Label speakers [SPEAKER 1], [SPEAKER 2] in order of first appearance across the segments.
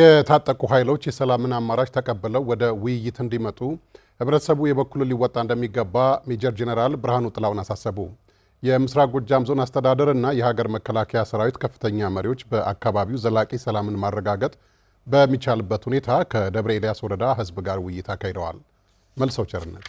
[SPEAKER 1] የታጠቁ ኃይሎች የሰላምን አማራጭ ተቀብለው ወደ ውይይት እንዲመጡ ህብረተሰቡ የበኩሉ ሊወጣ እንደሚገባ ሜጀር ጄኔራል ብርሃኑ ጥላውን አሳሰቡ። የምስራቅ ጎጃም ዞን አስተዳደር እና የሀገር መከላከያ ሰራዊት ከፍተኛ መሪዎች በአካባቢው ዘላቂ ሰላምን ማረጋገጥ በሚቻልበት ሁኔታ ከደብረ ኤልያስ ወረዳ ህዝብ ጋር ውይይት አካሂደዋል። መልሰው ቸርነት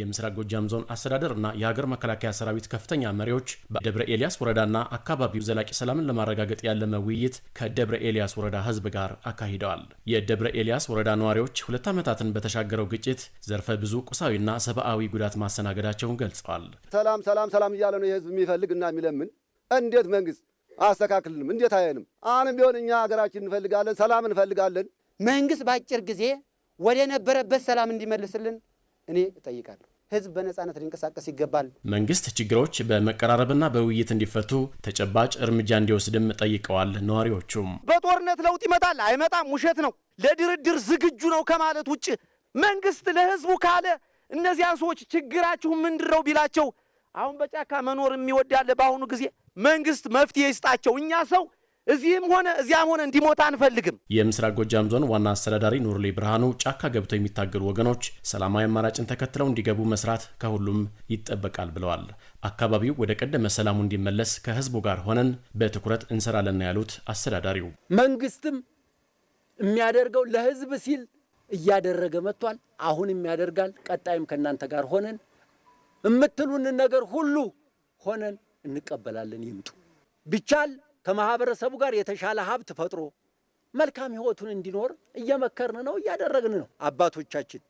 [SPEAKER 2] የምስራቅ ጎጃም ዞን አስተዳደር እና የሀገር መከላከያ ሰራዊት ከፍተኛ መሪዎች በደብረ ኤልያስ ወረዳና አካባቢው ዘላቂ ሰላምን ለማረጋገጥ ያለመ ውይይት ከደብረ ኤልያስ ወረዳ ህዝብ ጋር አካሂደዋል። የደብረ ኤልያስ ወረዳ ነዋሪዎች ሁለት ዓመታትን በተሻገረው ግጭት ዘርፈ ብዙ ቁሳዊና ሰብአዊ ጉዳት ማስተናገዳቸውን ገልጸዋል።
[SPEAKER 3] ሰላም ሰላም ሰላም እያለ ነው የህዝብ የሚፈልግ እና የሚለምን እንዴት መንግስት አስተካክልንም እንዴት አይንም አሁንም ቢሆን እኛ ሀገራችን እንፈልጋለን፣ ሰላም እንፈልጋለን።
[SPEAKER 4] መንግስት በአጭር ጊዜ ወደ ነበረበት ሰላም እንዲመልስልን እኔ እጠይቃለሁ። ህዝብ በነጻነት ሊንቀሳቀስ ይገባል።
[SPEAKER 2] መንግስት ችግሮች በመቀራረብና በውይይት እንዲፈቱ ተጨባጭ እርምጃ እንዲወስድም ጠይቀዋል። ነዋሪዎቹም
[SPEAKER 4] በጦርነት ለውጥ ይመጣል አይመጣም ውሸት ነው፣ ለድርድር ዝግጁ ነው ከማለት ውጭ መንግስት ለህዝቡ ካለ እነዚያን ሰዎች ችግራችሁ ምንድረው ቢላቸው አሁን በጫካ መኖር ያለ በአሁኑ ጊዜ መንግስት መፍትሄ ይስጣቸው። እኛ ሰው እዚህም ሆነ እዚያም ሆነ እንዲሞታ አንፈልግም።
[SPEAKER 2] የምስራቅ ጎጃም ዞን ዋና አስተዳዳሪ ኑርሌ ብርሃኑ ጫካ ገብተው የሚታገሉ ወገኖች ሰላማዊ አማራጭን ተከትለው እንዲገቡ መስራት ከሁሉም ይጠበቃል ብለዋል። አካባቢው ወደ ቀደመ ሰላሙ እንዲመለስ ከህዝቡ ጋር ሆነን በትኩረት እንሰራለን ያሉት አስተዳዳሪው
[SPEAKER 4] መንግስትም የሚያደርገው ለህዝብ ሲል እያደረገ መጥቷል። አሁንም ያደርጋል። ቀጣይም ከእናንተ ጋር ሆነን የምትሉንን ነገር ሁሉ ሆነን እንቀበላለን። ይምጡ ቢቻል ከማህበረሰቡ ጋር የተሻለ ሀብት ፈጥሮ መልካም ህይወቱን እንዲኖር እየመከርን ነው፣ እያደረግን ነው። አባቶቻችን፣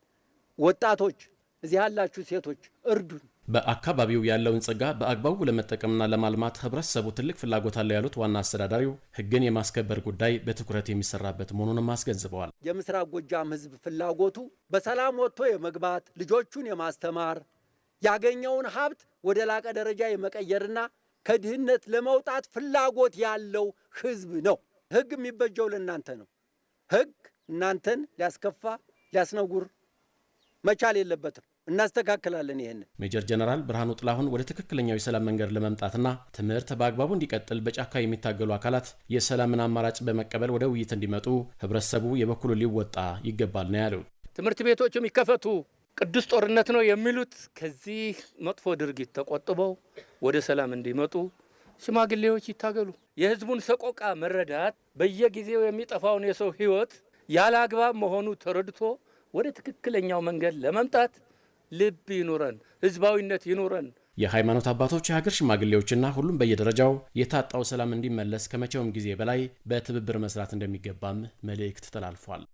[SPEAKER 4] ወጣቶች፣ እዚህ ያላችሁ ሴቶች እርዱን።
[SPEAKER 2] በአካባቢው ያለውን ጸጋ በአግባቡ ለመጠቀምና ለማልማት ህብረተሰቡ ትልቅ ፍላጎት አለው ያሉት ዋና አስተዳዳሪው ህግን የማስከበር ጉዳይ በትኩረት የሚሰራበት መሆኑንም አስገንዝበዋል።
[SPEAKER 4] የምስራቅ ጎጃም ህዝብ ፍላጎቱ በሰላም ወጥቶ የመግባት ልጆቹን የማስተማር ያገኘውን ሀብት ወደ ላቀ ደረጃ የመቀየርና ከድህነት ለመውጣት ፍላጎት ያለው ህዝብ ነው። ህግ የሚበጀው ለእናንተ ነው። ህግ እናንተን ሊያስከፋ ሊያስነጉር መቻል የለበትም። እናስተካክላለን። ይህን
[SPEAKER 1] ሜጀር ጀነራል ብርሃኑ ጥላሁን ወደ ትክክለኛው የሰላም መንገድ ለመምጣትና ትምህርት በአግባቡ እንዲቀጥል በጫካ የሚታገሉ አካላት የሰላምን አማራጭ በመቀበል ወደ ውይይት እንዲመጡ ህብረተሰቡ የበኩሉ ሊወጣ ይገባል ነው ያሉ።
[SPEAKER 5] ትምህርት ቤቶች የሚከፈቱ ቅዱስ ጦርነት ነው የሚሉት ከዚህ መጥፎ ድርጊት ተቆጥበው ወደ ሰላም እንዲመጡ ሽማግሌዎች ይታገሉ። የህዝቡን ሰቆቃ መረዳት፣ በየጊዜው የሚጠፋውን የሰው ህይወት ያለ አግባብ መሆኑ ተረድቶ ወደ ትክክለኛው መንገድ ለመምጣት ልብ ይኑረን፣ ህዝባዊነት ይኑረን።
[SPEAKER 2] የሃይማኖት አባቶች የሀገር ሽማግሌዎችና ሁሉም በየደረጃው የታጣው ሰላም እንዲመለስ ከመቼውም ጊዜ በላይ በትብብር መስራት እንደሚገባም መልእክት ተላልፏል።